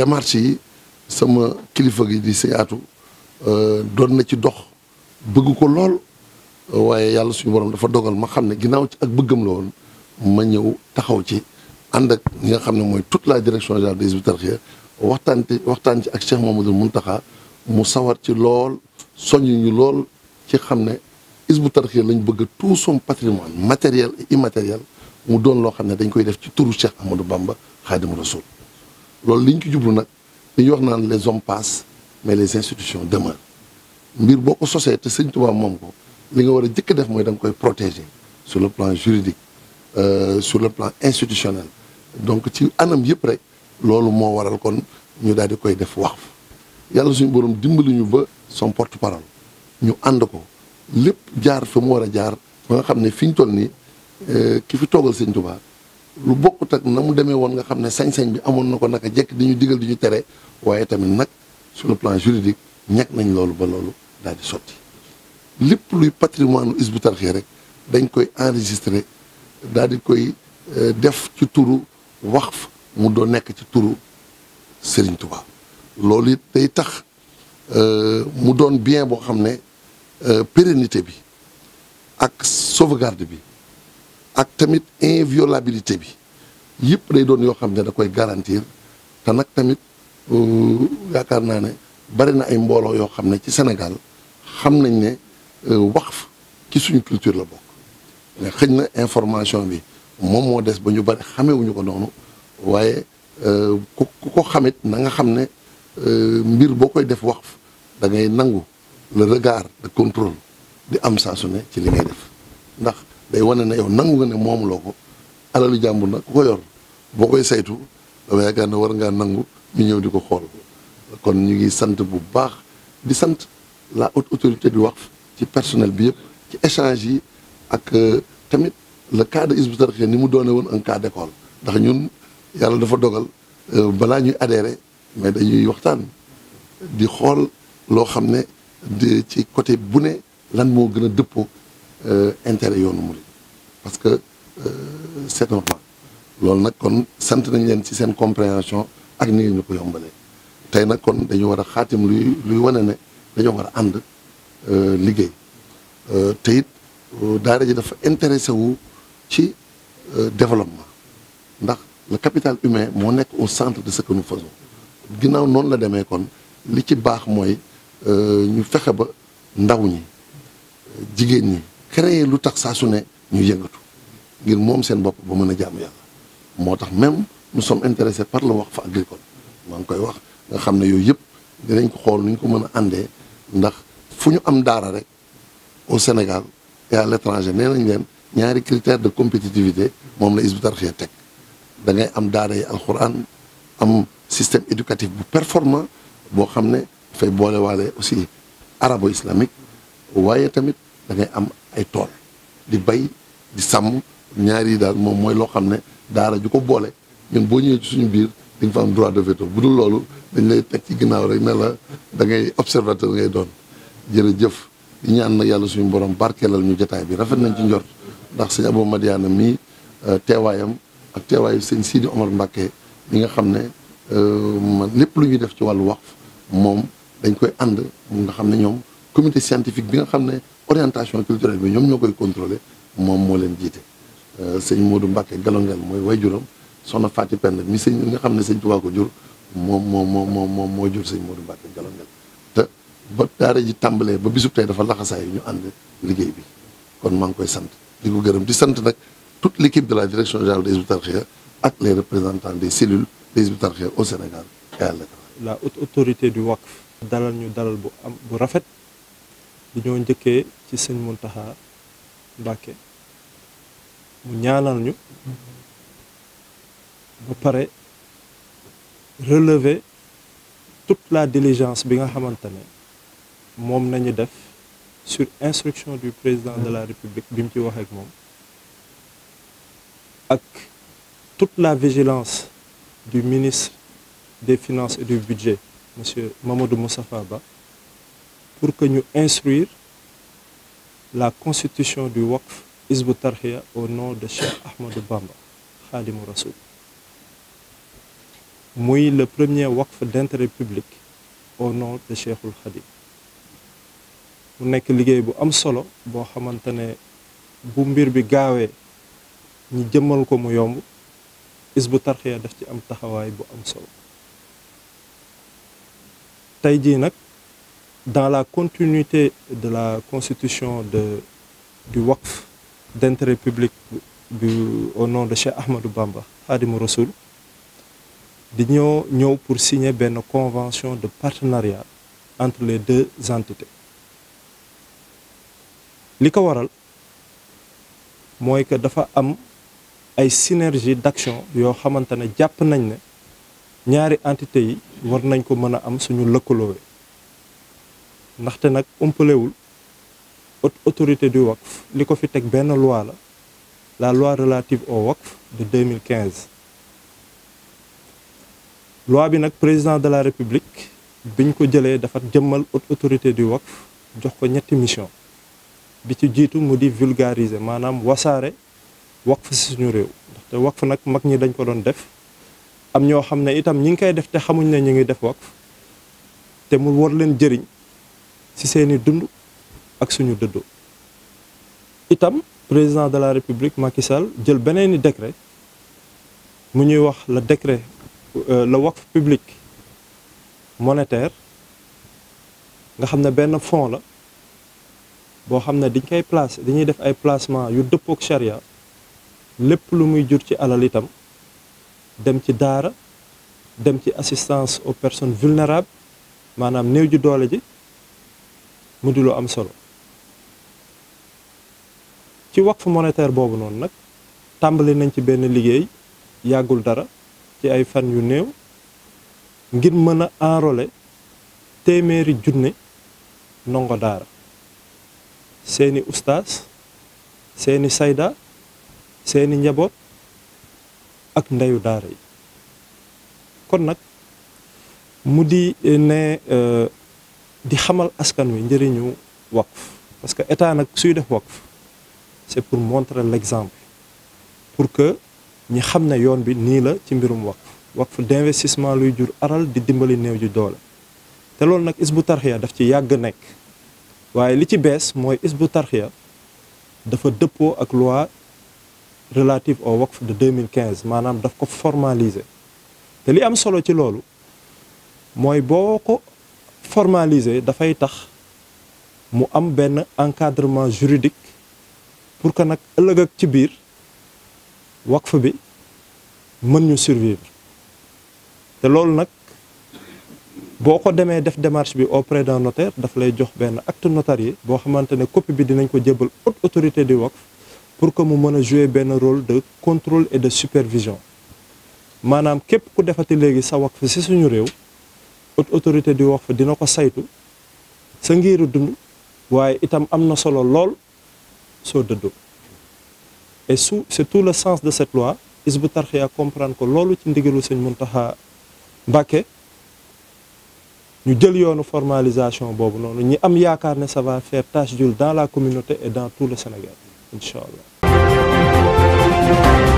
démarche yi sama kilifa gi di seyaatu euh, doon na ci dox bëgg ko lool waaye yàlla suñu borom dafa dogal ma xam ne ginnaaw ci ak bëggam la woon ma ñëw taxaw ci ànd ak ñi nga xam ne mooy toute la direction générale des Hizbut Tarqiyyah waxtaan ci waxtaan ci ak Cheikh Mamadou Mountakha mu sawar ci lool soññ ñu lool ci xam ne Hizbut Tarqiyyah lañ bëgg tout some patrimoine matériel i immatériel mu doon loo xam ne dañ koy def ci turu Cheikh Amadou Bamba Khadim Rasoul loolu li ñu ko jublu nag li ñuy wax naan les hommes passent mais les institutions demeurent mbir boo ko sosee te sëñ Tuubaa moom ko li nga war a jëkk def mooy danga koy protéger sur le plan juridique euh, sur le plan institutionnel donc ci anam yëpp rek loolu moo waral kon ñu daal di koy def waqf yàlla suñu borom dimbali ñu ba son porte parole ñu ànd ko lépp jaar fi mu war a jaar ba nga xam ne fi ñu toll nii euh, ki fi toogal sëñ Tuubaa lu bokkut ak na mu demee woon nga xam ne sañ-sañ bi amoon na ko naka jekk di ñu digal di ñu tere waaye tamit nag sur le plan juridique ñàkk nañ loolu ba loolu daal di sotti lépp luy patrimoine u Hizbut Tarqiyyah rek dañ koy enregistré daal di koy euh, def ci turu wax mu doo nekk ci turu Serigne Touba loolu it day tax euh, mu doon bien boo xam ne euh, pérennité bi ak sauvegarde bi ak tamit inviolabilité bi yépp day doon yoo xam ne da koy garantir te nag tamit euh, yaakaar naa ne bari na ay mbooloo yoo xam ne ci senegal xam nañ ne euh, waqf ci suñu culture la bokk mais xëj na information bi moom moo des ba ñu bari xamewuñu ko noonu waaye euh, ku ko xamit nanga xam ne mbir boo koy def wax da dangay nangu le regard de contrôle di am saa su ci li ngay def ndax day wane na yow nangu nga ne moomuloo ko alalu jàmbur nag ku ko yor boo koy saytu dama yaakaar ne war ngaa nangu ñu ñëw di ko xool kon ñu ngi sant bu baax di sant la haute autorité du wax ci personnel bi yëpp ci échange yi ak euh, tamit le cas de Hizbut Tarqiyyah ni mu doonee woon un cas d'école ndax ñun yàlla dafa dogal euh, balaa ñuy adhéré mais dañuy waxtaan di xool loo xam ne ci côté bu ne lan moo gën a dëppoo euh, intérêt yoonu mu parce c'est normal loolu nag kon sant nañ leen ci seen compréhension ak ni ñu ko yombalee tey nag kon dañu war a xaatim luy luy wane ne dañoo war a ànd euh, liggéey euh, te it euh, daara ji dafa intéressé wu ci développement ndax le capital humain moo nekk au centre de ce que nous faisons ginnaaw noonu la demee kon li ci baax mooy ñu fexe ba ndaw ñi jigéen ñi créer lu tax saa su ne ñu yëngatu ngir moom seen bopp ba mën a jaamu yàlla moo tax même nous some intéressés par wax fa agricole maa ngi koy wax nga xam ne yooyu yëpp dinañ ko xool nu ñu ko mën a àndee ndax fu ñu am daara rek au Sénégal et à l'étranger nee leen ñaari critère de compétitivité moom la Hizbut Tarqiyyah teg da ngay am daara yi alquran am système éducatif bu performant boo xam ne dafay boole waale aussi arabo islamique waaye tamit da ngay am ay tool di bay di sàmm ñaari daal moom mooy loo xam ne daara ju ko boole ñun boo ñëwee ci suñu biir di nga fa am droit de veto bu dul loolu dañ lay teg ci ginnaaw rek ne la da ngay observateur ngay doon jërëjëf di ñaan yàlla suñu borom lal ñu jotaay bi rafet nañ ci njort ndax sëñ Abou Madiana mii euh, teewaayam ak teewaayu sëñ Sidi Omar Mbacké li nga xam ne euh, man lépp lu ñuy def ci wàllu waqf moom dañ koy ànd mu nga xam ne ñoom comité scientifique bi nga xam ne orientation culturelle bi ñoom ñoo koy contrôler moom moo leen jiite Euh, sëñ Modou Mbacke Galongel mooy waajuram soxna Faati Pend mi sëñ nga xam ne sëñ Tuubaa ko jur moom moo moo moo moo moo jur sëñ Modou Mbacke Galongel te ba daara ji tàmbalee ba bisub tey dafa laxasaay ñu ànd liggéey bi kon maa ngi koy sant di ko gërëm di sant nag toute l' équipe de la direction générale des Hizbut-Tarqiyyah ak les représentants des cellules des Hizbut-Tarqiyyah au Sénégal et à l'étranger la haute autorité du waqf dalal ñu dalal bu am bu rafet di ñoo njëkkee ci sëñ Muntaxa Mbàkke mu ñaanal ñu ba pare relever toute la diligence bi nga xamante ne moom nañu def sur instruction du président de la république bi mu ci wax moom ak toute la vigilance du ministre des finances et du budget monsieur Mamadou Moustapha Ba pour que ñu instruire la constitution du WACF Hizbut Tarqiyyah au nom de Cheikh Ahmadou Bamba Khadimou Rassoul muy le premier waqf d'intérêt public au nom de Cheikhul Khadim mu nekk liggéey bu am solo boo xamante ne bu mbir bi gaawee ñi jëmmal ko mu yomb Hizbut Tarqiyyah daf ci am taxawaay bu am solo tey jii nag dans la continuité de la constitution de du waqf d'intérêt publique bu au nom de Cheikh Ahmadou Bamba Khadimou Rassoul di ñoo ñëw pour signe benn convention de partenariat entre les deux entités li ko waral mooy que dafa am ay synergie d'action yoo xamante ne jàpp nañ ne ñaari entité yi war nañ ko mën a am suñu lëkkaloowee ndaxte nag umpalewul haute autorité du WACF li ko fi teg benn loi la la loi relative au WACF de mille 2015 loi bi nag président de la république biñ ko jëlee dafa jëmmal haute autorité du wax jox ko ñetti mission bi ci jiitu mu di vulgariser maanaam wasaare WACF si suñu réew ndaxte WACF nag mag ñi dañ ko doon def am ñoo xam ne itam ñi ngi koy def te xamuñ ne ñu ngi def WACF te mu war leen jëriñ ci seeni dund ak suñu dëddoo itam président de la république Macky Sall jël beneeni décret mu ñuy wax la décret euh, le waqf public monétaire nga xam ne benn fonds la boo xam ne dañ koy placer dañuy def ay placement yu dëppook charia lépp lu muy jur ci alal itam dem ci daara dem ci assistance aux personnes vulnérables maanaam néew ji doole ji mu di lu am solo ci waqf monétaire boobu noonu nag tàmbali nañ ci benn liggéey yàggul dara ci ay fan yu néew ngir mën a enrôler téeméeri junne ndongo daara seeni ustaas seeni sayda seeni njaboot ak ndeyu daara yi kon nag mu di eh, ne eh, di xamal askan wi njëriñu waqf parce que état nag suy def waqf c'est pour montrer l'exemple pour que ñi xam ne yoon bi nii la ci mbirum wax waqf waqf d'investissement luy jur aral di dimbali néew ji doole te loolu nag isbu tarxiya daf ci yàgg nekk waaye li ci bees mooy isbu tarxiya dafa dëppoo ak loi relative au waqf de 2015 maanaam daf ko formaliser te li am solo ci loolu mooy boo ko formaliser dafay tax mu am benn encadrement juridique pour que nag ëllëg ak ci biir wakf bi mën ñu survivre te loolu nag boo ko demee def démarche bi au auprès d'un notaire daf lay jox benn acte notarié boo xamante ne copie bi dinañ ko jébbal autorité du wakf pour que mu mën a jouer benn rôle de contrôle et de supervision maanaam képp ku defati léegi sa wakf si suñu réew haute autorité du wakf dina ko saytu sa ngiiru dund waaye itam am na solo lool soo dëddoo et su c'est tout le sens de cette loi Hizbut Tarqiyyah comprendre ko loolu ci ndigalu sëñ Mountakha Mbacké ñu jël yoonu formalisation boobu noonu ñi am yaakaar ne ça va faire tache jur dans la communauté et dans tout le Sénégal incha allah